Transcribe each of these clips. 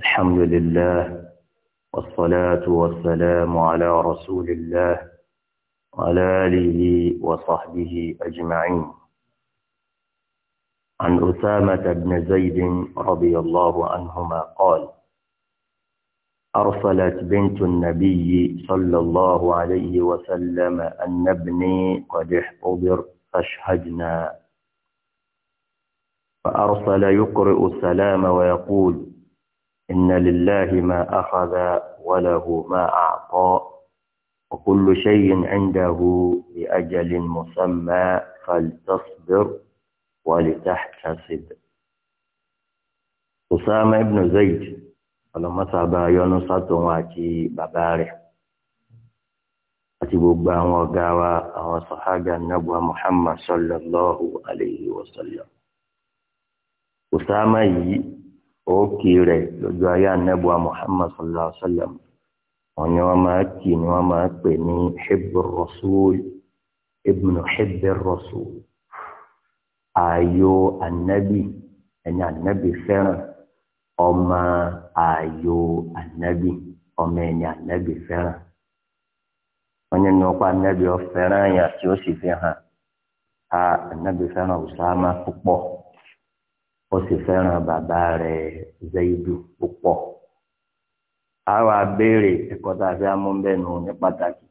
الحمد لله والصلاة والسلام على رسول الله وعلى آله وصحبه أجمعين عن أسامة بن زيد رضي الله عنهما قال أرسلت بنت النبي صلى الله عليه وسلم أن ابني قد احتضر فاشهدنا فأرسل يقرئ السلام ويقول إن لله ما أخذ وله ما أعطى وكل شيء عنده بأجل مسمى فلتصبر ولتحتسب أسامة بن زيد ولما سابا يونس واتي بباري أتي بوبا وقاوى وصحاب النبوة محمد صلى الله عليه وسلم أسامة òkè rẹ̀ lójú ayé anábùa muhammad sallallahu alaihi wa sallam wọn ni wọn máa kì ni wọn máa pè ní hibbu rasul ibnu hibbu rasul ààyò anabi ẹni anabi fẹ́ràn ọmọ ààyò anabi ọmọ ẹni anabi fẹ́ràn wọn ni nípa anabi ọ fẹ́ràn yẹn tí ó sì fi hàn á anabi fẹ́ràn usama púpọ̀ ó sì fẹ́ràn bàbá rẹ̀ Zaidu púpọ̀ a wá béèrè ẹ̀kọ́ tá a fẹ́ mú bẹ́ẹ̀ ní pàtàkì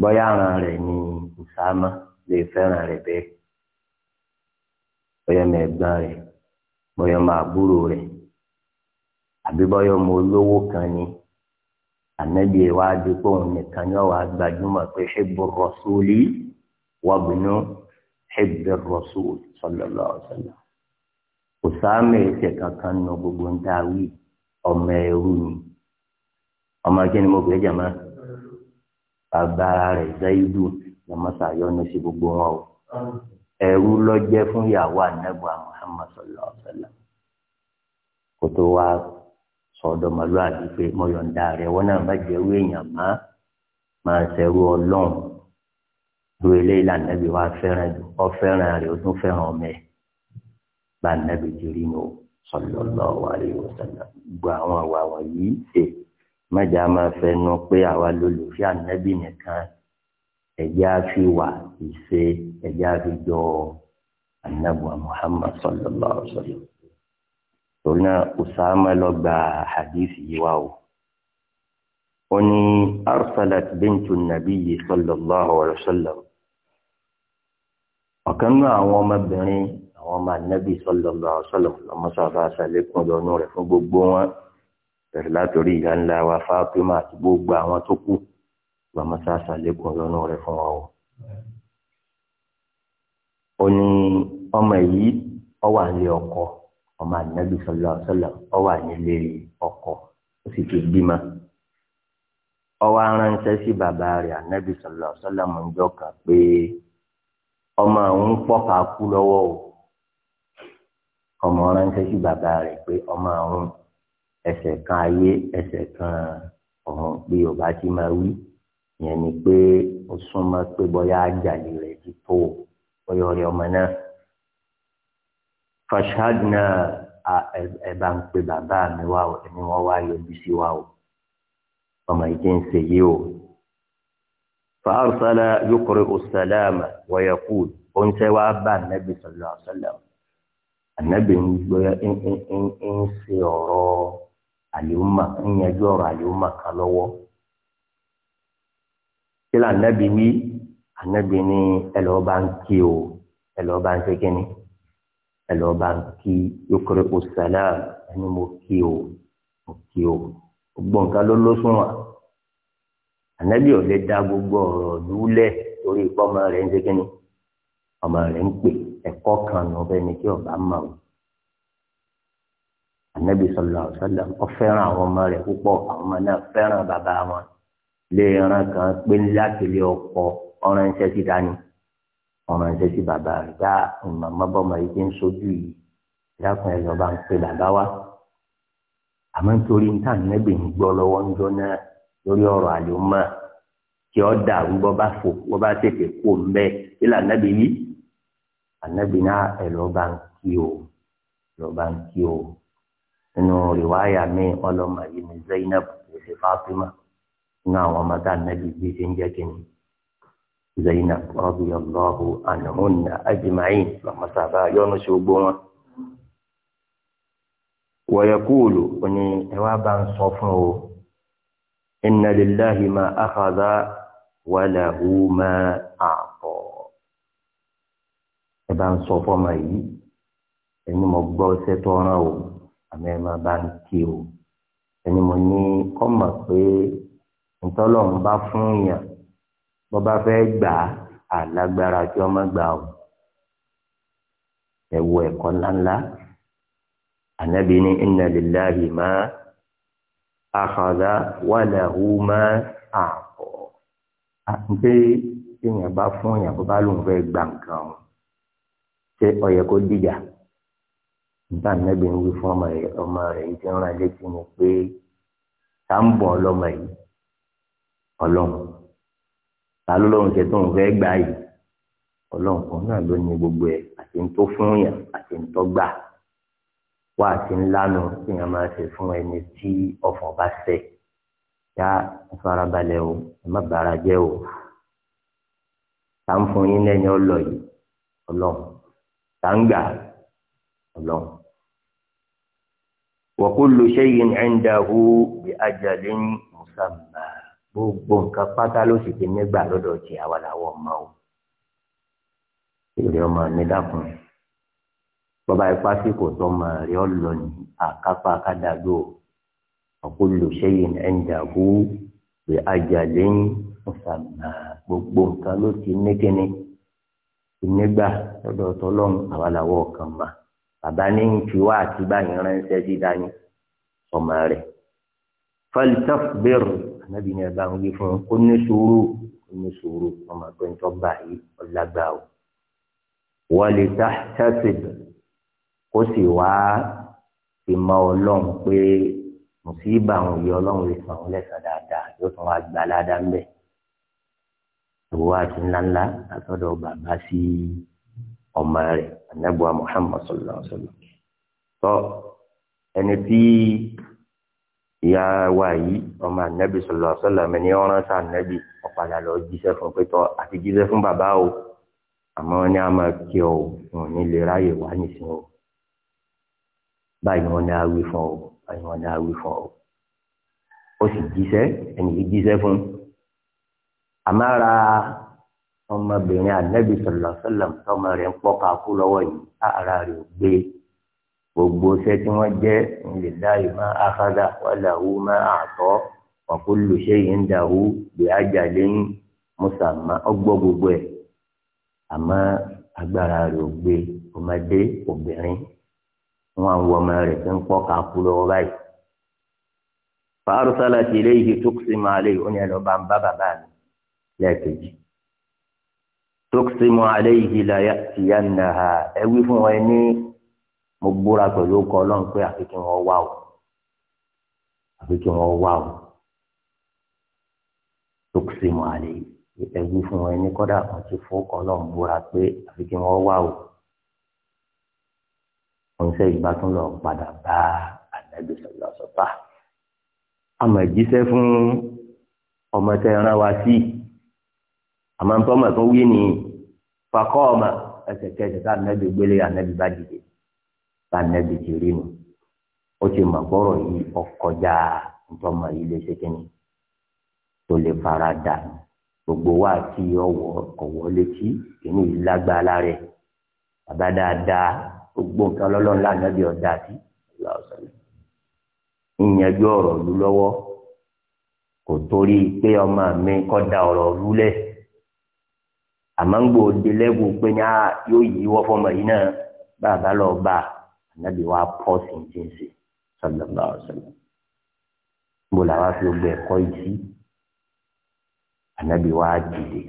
bóyá àràn rẹ̀ ni Usama lè fẹ́ràn rẹ̀ bẹ́ẹ̀ bóyá ọmọ ẹ̀gbọ́n rẹ̀ bóyá ọmọ àbúrò rẹ̀ àbí bóyá ọmọ olówó kan ni ànábì ìwádìí pé òun nìkan ni ó gbajúmọ̀ pé ṣé bó rọ̀ wọ́n bínú. حب الرسول صلى الله عليه وسلم Usama ẹsẹ̀ kankan nù gbogbo ń ta wí ọmọ ẹrú ni ọmọ ẹjẹ ni mo bẹ jàmá bàbá gbogbo ẹrú lọ jẹ fún ìyàwó anagba Muhammad sallallahu alaihi wa sallam sọdọmọlúwàbí pé mo yọ̀ǹda wọn náà jẹ́ má máa Ọlọ́run. lu eléyìí la nàbí wa fẹ́ràn jù ọ fẹ́ràn rẹ̀ o tún fẹ́ràn ọmọ ẹ̀ bá nàbí ti rí nu sallallahu alaihi wasallam gbọ́ àwọn àwa wọ̀nyí ṣe mẹ́jà máa fẹnu pé àwa lólùfẹ́ ànábì nìkan ẹ̀jẹ̀ á wà ìṣe ẹ̀jẹ̀ á jọ ànábùwà Muhammad sallallahu alaihi torí náà Usama lọ gba hadith yìí wá o. وني أرسلت بنت النبي صلى الله عليه وسلم ọ̀kan náà àwọn ọmọbìnrin àwọn ọmọ ànábì sọlọlọ sọlọ lọmọsọfà sàlékún lọnù rẹ fún gbogbo wọn bẹ̀rẹ̀ látòrí ìyá ńlá wa Fátímà àti gbogbo àwọn tó kù lọmọsọfà sàlékún lọnù rẹ fún wọn o. ó ní ọmọ yìí ó wà nílé ọkọ ọmọ ànábì sọlọ sọlọ ó wà nílé ọkọ ó sì ti bímọ ó wá sí bàbá rẹ̀ ànábì sọlọ sọlọ mọ ọjọ́ kan pé ọmọ àwọn ń pọ̀ ká kú lọ́wọ́ o ọmọ ránṣẹ́ sí bàbá rẹ̀ pé ọmọ àwọn ẹsẹ̀ kan ayé ẹsẹ̀ kan ọ̀hún pé ọba ti máa wí ìyẹn ni pé ó súnmọ́ pé bóyá àjàlè rẹ̀ ti tó bóyá ọ̀rẹ́ ọmọ náà fashad náà ẹ bá ń pe bàbá mi wá o ẹni wọn wá yọjú sí wa o ọmọ yìí ti ń ṣe yìí o fàársálà yókùrẹ́ ọ̀sálàmà wọ̀yẹ̀kù oúnjẹ wa bá ànábì sọ̀lá ọ̀sálàmù ànábì ń gbé ń ṣe ọ̀rọ̀ àlèhùnmà ń yanjú ọ̀rọ̀ àlèhùnmà kan lọ́wọ́ kí ló ànábì wí ànábì ní ẹlọ́ bá ń kí o ẹlọ́ bá ń ṣe kínní ẹlọ́ bá ń kí yókùrẹ́ ọ̀sálàmù ẹni mo kí o mo kí o gbọ̀ǹkan ló lóṣùwọ̀n ànábì ò lè da gbogbo ọ̀rọ̀ lúlẹ̀ torí ipò ọmọ rẹ̀ ń ṣe kínní ọmọ rẹ̀ ń pè ẹ̀kọ́ kan nù fẹ́ni tí ọba mọ̀ ọ́ ànábì sallallahu alaihi wasallam ó àwọn ọmọ rẹ̀ púpọ̀ àwọn ọmọ náà fẹ́ràn bàbá wọn lè ran kan pé láti lè ọkọ ọ̀ràn iṣẹ́ ti dání ọ̀ràn iṣẹ́ ti bàbá rẹ̀ dá ah, màmá bọ́mọ yìí ti ń sojú yìí dákun ẹ̀ lọ́ba ń pe bàbá wa àmọ́ nítorí níta ànábì ń gbọ́ lọ́wọ́ ńjọ́ náà lórí ọ̀rọ̀ àlùmọ kí ọ dàrú bọ bá fò bọ bá tètè kó mbẹ ilà nàbí yí ànàbí náà ah, ẹ lọ bá ń kí o lọ bá ń kí o nínú rìwáyà mi ọlọmọ yìí ní Zainab ṣe Fatima nínú àwọn ọmọ tá ànàbí bí ṣe ń jẹ kínní Zainab radiyallahu anhunna ajma'in lọmọsàbà yọnu ṣe gbó wọn wọ̀yẹ̀kúùlù ó ní ẹ wá bá ń sọ fún o inna lillahi ma akhadha wa lahu ma a'ta ẹ bá ń sọ fọmọ yìí ẹni mo gbọ́ ṣẹ́ tó rán o àmọ́ ẹ máa bá ń kí o ẹni mo ní kọ́ mọ̀ pé ntọ́lọ́run bá fún yàn bọ́ bá fẹ́ gbà á alágbára tí wọ́n má gbà o ẹ wo ńláńlá ànábì ní inna lillahi ma àkàdá wà láhù máa àpọ̀ àpé èèyàn bá fún èèyàn bó bá lóun fẹ́ gba nǹkan ọ̀hún ṣé ọ̀yẹ̀ kó dìjà nígbà nẹ́bí ń wí fún ọmọ rẹ̀ ọmọ rẹ̀ yìí ti ń ran létí ni pé ta ń bọ̀ ọlọ́mọ yìí ọlọ́run ta ló lóun ṣe tóun fẹ́ gbà yìí ọlọ́run kan náà ló ní gbogbo ẹ̀ àti ń tó fún yàn àti ń tó gbà wá àti ńlánu tí yẹn máa ṣe fún ẹni tí ọ̀fọ̀ bá ṣẹ̀ yá farabalẹ̀ o ẹ má bàárà jẹ́ o tá ń fún yín lẹ́yìn ọlọ yìí ọlọ́run tá ń gbà ọlọ́run. wa kullu shay'in 'indahu bi ajalin gbogbo nǹkan pátá ló sì ti nígbà lọ́dọ̀ tí àwa làwọn ọmọ o. èrè ọmọ mi dákun bọ́ba ipá sí kò tọ́ ma rí ọ lọ ní àkápá kádàgbò ọ̀pọ̀ olùṣẹ́yìn ẹ̀ńdàbù pé ajalè ń ṣàmà gbogbo nǹkan ló ti ní kíni ìnígbà lọ́dọ̀ tọ́lọ́run àwa làwọ̀ kan mà bàbá ní ń fi wá àti báyìí ránṣẹ́ sí dání ọmọ rẹ̀ falitaf bẹ́rù ànábì ní ẹ̀bá ń fún un kó ní sùúrù kó ní sùúrù ọmọ pé ń tọ́ báyìí ọlágbà o wọlé tá tẹ́sí bẹ̀rù kó sì wá ìmọ̀ ọlọ́run pé mùsíbà àwọn òye ọlọ́run lè sàn án lẹ́sàn dáadáa yóò tún wá gba aládá ń bẹ̀. ìwọ àti ńláńlá látọ̀dọ̀ bàbá sí ọmọ rẹ̀ anábùwà Muhammad sallallahu alaihi wasallam. tọ́ ẹni tí ìyá wa yìí ọmọ anábì sallallahu alaihi wasallam ni ó rán anábì ọ̀padà lọ jíṣẹ́ fún pé àti jíṣẹ́ fún bàbá o àmọ́ ní a máa kí ọ òun ní lè ráyè wá nìsín o báyìí wọn ní awí fún ọ báyìí wọn ní awí fún ọ ó sì jíṣẹ́ ẹni yìí jíṣẹ́ fún àmàrà ọmọbìnrin anabi sọlọ sọlọ tọmọ rẹ̀ ń pọkà kú lọ́wọ́ yìí ara rẹ̀ ò gbé gbogbo iṣẹ́ tí wọn jẹ nílẹ láàyè má àkàdà wàláwù má àtọ wàkúlù ṣẹyìn ń dàwù bí ajá lẹ́yìn mùsàmá ọgbọ gbogbo ẹ àmọ́ agbára rẹ̀ ò gbé ọmọdé obìnrin wọn àwọn ọmọ rẹ̀ ti ń pọ̀ ká kú lọ́wọ́ báyìí. fàárùsálà ti ilé yìí tókùsìmọ̀ alẹ́ yìí ó ní ẹ lọ bá ń bá bàbá mi lẹ́ẹ̀kejì. tókùsìmọ̀ alẹ́ yìí láyà ti yá nà ha ẹ wí fún wọn ní mo búra pẹ̀lú ọkọ̀ ọlọ́run pé àfi kí wọ́n wá o àfi kí wọ́n wá o tókùsìmọ̀ alẹ́ yìí ẹ wí fún wọn ní kọ́dà wọn ti fún ọlọ́run búra pé àfi kí wọ́n wá o ọ̀nṣẹ́ ìgbà tún lọ padà bá ànábì sọ̀rọ̀ sọ̀tà àmọ̀ ìjíṣẹ́ fún ọmọ tẹ ẹran wa sí àmọ́ ntọ́mọ̀ tó wí ni fakọ́ ọmọ ẹsẹ̀ kẹsẹ̀ tá ànábì gbélé ànábì bá dìde tá ànábì ti rí nu ó ti mọ̀ gbọ́rọ̀ yìí ọkọjá ntọ́mọ̀ yìí lè ṣe kínní tó lè fara dà gbogbo wa ti ọwọ́ ọwọ́ létí kínní ìlágbára rẹ̀ bàbá dáadáa gbogbo nǹkan lọ́lọ́run lánàá bí ọ̀dà àti lọ́sọ̀rọ̀ ìyẹnjú ọ̀rọ̀ lù lọ́wọ́ kò torí pé ọmọ mi kọ́ da ọ̀rọ̀ lulẹ̀ àmọ́ ń gbòde lẹ́gùn pé ní a ah, yóò yí wọ́ fọmọ yìí náà bàbá lọ bá ànábì wa pọ̀ sí ní jíǹsì sọlọ́lá ọ̀sọ̀lọ́ mo làwa fi gbogbo ẹ̀kọ́ yìí ànábì wa dìde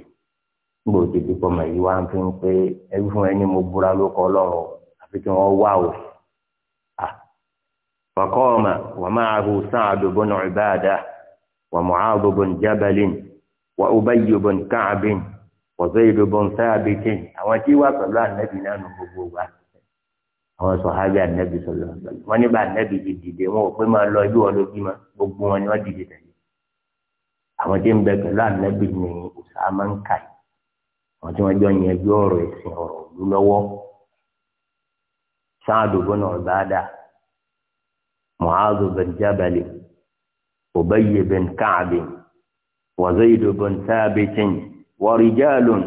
ń gbòde fọmọ yìí wá ń fi ń pé ẹbí fún ẹni mo búra ló ọlọ́run pé kí wọ́n wá o. فقام ومعه سعد بن عبادة ومعاذ بن جبل وأبي بن كعب وزيد بن ثابت àwọn tí wà pẹ̀lú ànábì náà nù gbogbo wa àwọn sọ̀hábì ànábì sọ̀lọ̀ wọn nígbà ànábì ti dìde wọn ò pé máa lọ ibi wọn ló bí ma gbogbo wọn ni wọn dìde tẹ̀lé àwọn tí ń bẹ pẹ̀lú ànábì ní ọ̀sà àwọn tí wọ́n jọ yẹn bí ọ̀rọ̀ ẹ̀sìn sáàdù bọ́nà ọ̀bàdà mu'adhu bin jabali ubayy bin ka'bi wa zaydu bin thabitin wa rijalun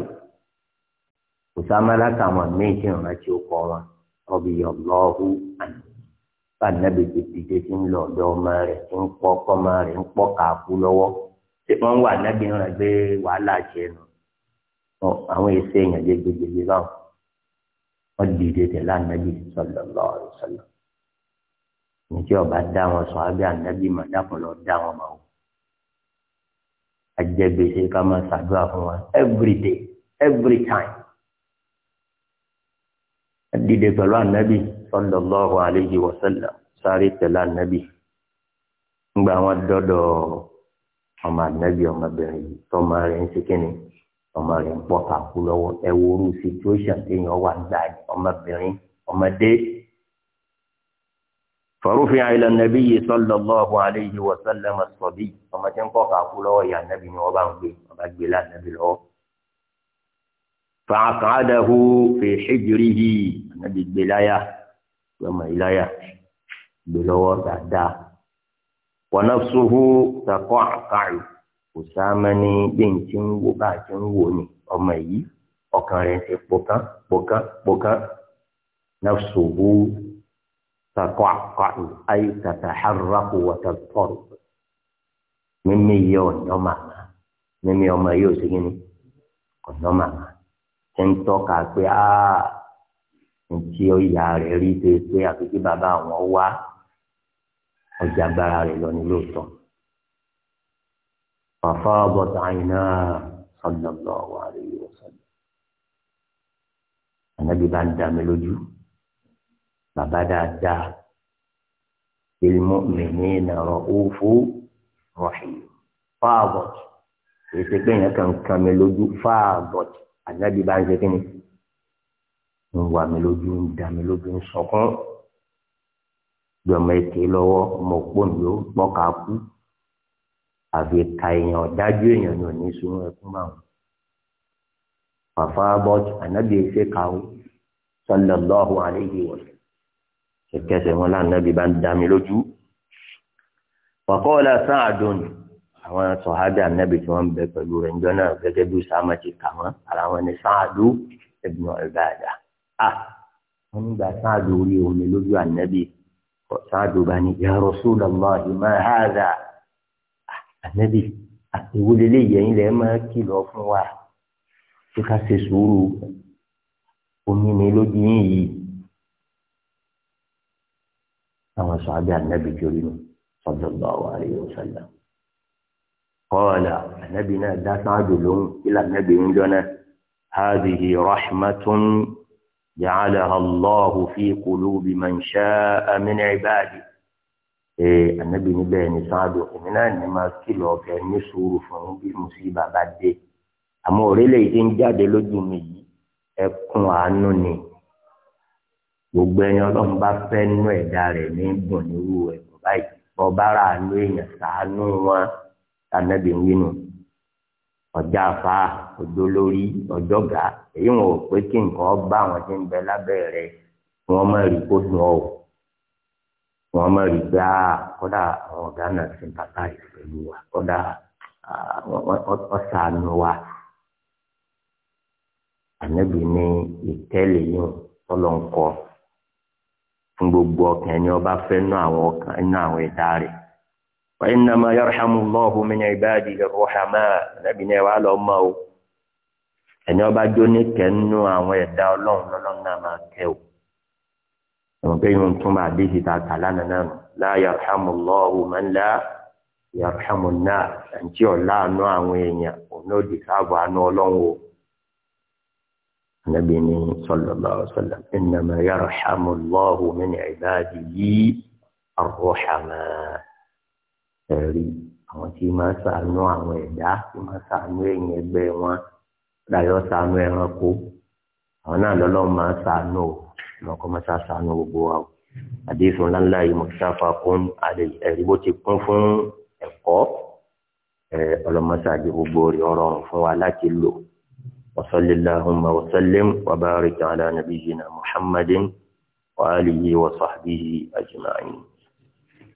usama látàwọn méjì rántí ó kọ wọn radiyallahu anhu fanabi ti dìde tí ń lọ ọ̀dọ̀ ọmọ rẹ̀ tí ń pọ ọmọ rẹ̀ ń pọ kàákú lọ́wọ́ tí wọn wà nábì rẹ gbé wàhálà jẹ nù àwọn èsì èèyàn jẹ gbẹgbẹgbẹ báwọn wọ́n dìde tẹ̀lé ànábì sallallahu alaihi wasallam njẹ́ ọba dá wọn sọ abẹ́ ànábì mà dákun lọ dá wọn mà ó ajẹ́gbèsè ká máa ṣàdúrà fún wa every day every time dìde pẹ̀lú ànábì sallallahu alaihi wasallam sáré tẹ̀lé ànábì ńgbà wọn dọ́dọ̀ ọmọ ànábì ọmọbìnrin yìí tọ́mọ rẹ̀ ń ṣe kínní ọmọ rẹ̀ ń pọ̀ kàkú lọ́wọ́ ẹ wo irú situation téèyàn wà gbà ní ọmọbìnrin ọmọdé. فرفع إلى النبي صلى الله عليه وسلم الصبي ọmọ tí ń pọ̀ kàkú lọ́wọ́ ìyá nàbì ni wọ́n bá ń gbé ọba gbé lánàbì lọ́wọ́. فأقعده في حجره nàbì gbé láyà gbọmọ ìláyà gbé lọ́wọ́ dáadáa. ونفسه تقعقع Usama ní bẹ́ẹ̀ tí ń wo bá a ti ń wo ni ọmọ yìí ọkàn rẹ̀ ti pọ̀kán pọ̀kán pọ̀kán nafsuhu taqaqqa'u ay tataharraku wa tadhfaru mímí yẹ ọ̀nà màmá mímí ọmọ yìí ò sí kí ni ọ̀nà màmá ṣe ń tọ́ka pé áá ntí ìyá rẹ̀ rí pé pé àfi bàbá àwọn wá ọjà agbára rẹ̀ lọ ní lóòótọ́. ففاضت عيناه صلى الله عليه وسلم النبي بان داملوجو بابدا دا المؤمنين رؤوف رحيم فاضت èsì pé yẹn kàn kàn mí lójú fáàbọt ànábì bá ń ṣe kí ni ń wà mí lójú ń dà mí lójú ń sọkún jọmọ èké lọ́wọ́ ọmọ òpó mi ó gbọ́ ká kú àfi ka èèyàn dájú èèyàn ni ò ní sunú ẹkún bá wọn. fàfà bọ́ọ̀tù ànábì ẹsẹ̀ kàwé sallallahu alayhi wa sallam kẹkẹsẹ wọn lánàbì bá ń dá mi lójú. wàkọ́ọ̀lá sáàdùn àwọn sọ̀hádà ànábì tí wọ́n ń bẹ pẹ̀lú rẹ̀ ńjọ́ náà gẹ́gẹ́ bí sàmà ti kà wọ́n ara wọn ni sáàdù ibn al-Bada. a ah, wọn nígbà sáàdù orí omi lójú ànábì sáàdù bá ní ya Rasulallahi ma hadha ànẹ́bì àtẹ̀wólélé yẹ̀yìn lẹ́ máa kìlọ̀ fún wa tí ká ṣe sùúrù omi ni lójú yín yìí àwọn sọ̀hábí ànẹ́bì jórí nù sallallahu alaihi wasallam qala ànẹ́bì náà dá sáájú lóhùn ilà ànẹ́bì ń jọ́nà hadihi rahmatun ja'alaha Allahu fi qulubi man sha'a min ibadihi. ee anabi ní bẹ́ẹ̀ ni sáádùn èmi náà ní máa kìlọ̀ ọ̀fẹ́ ní sùúrù fún bí mùsíbà bá dé àmọ́ òrèlè yìí ti ń jáde lójú mi yìí ẹkún àánú ni gbogbo ẹni ọlọ́run bá nú ní nírú báyìí ọba ara àánú èèyàn wọn ń wínú ọjà àfa ọjọ lórí èyí wọn ò pé kí nǹkan bá wọn kó wọn máa rí a kọ́dà àwọn ọ̀gá náà sympathize pẹ̀lú wa kọ́dà ọ̀sánú wa ànábì ní ìtẹ́lẹ̀ yìí fún gbogbo ọkàn ẹni ọba fẹ́ nú àwọn ọkàn nú àwọn ẹ̀dá rẹ̀ wọ́n iná máa yarhamu Allahu min ànábì mọ́ o ẹni ọba jó ní àwọn pé yóò túmọ̀ àdéhìí ta kà lánàá náà la yarhamullahu man la yarhamu náà àǹtí ọ̀la àánú àwọn èèyàn òun ò dì sáàbù àánú ọlọ́run o. Ànábì ni sallallahu alaihi wasallam innama yarhamullahu min ibadihi ar-ruhama ẹ̀rí àwọn tí máa ṣàánú àwọn ẹ̀dá tí máa ṣàánú èèyàn ẹgbẹ́ wọn láyọ̀ ṣàánú ẹranko àwọn náà lọ́lọ́run ọkọ̀ mọ́sá sànù gbogbo wa o àdéhùn ńláńlá yìí mọ̀tàfà kún ẹ̀rí bó ti kún fún ẹ̀kọ́ ọlọ́mọsá àdé gbogbo rẹ̀ ọ̀rọ̀ fún wa láti lò وصل اللهم وسلم وبارك على نبينا محمد وآله وصحبه أجمعين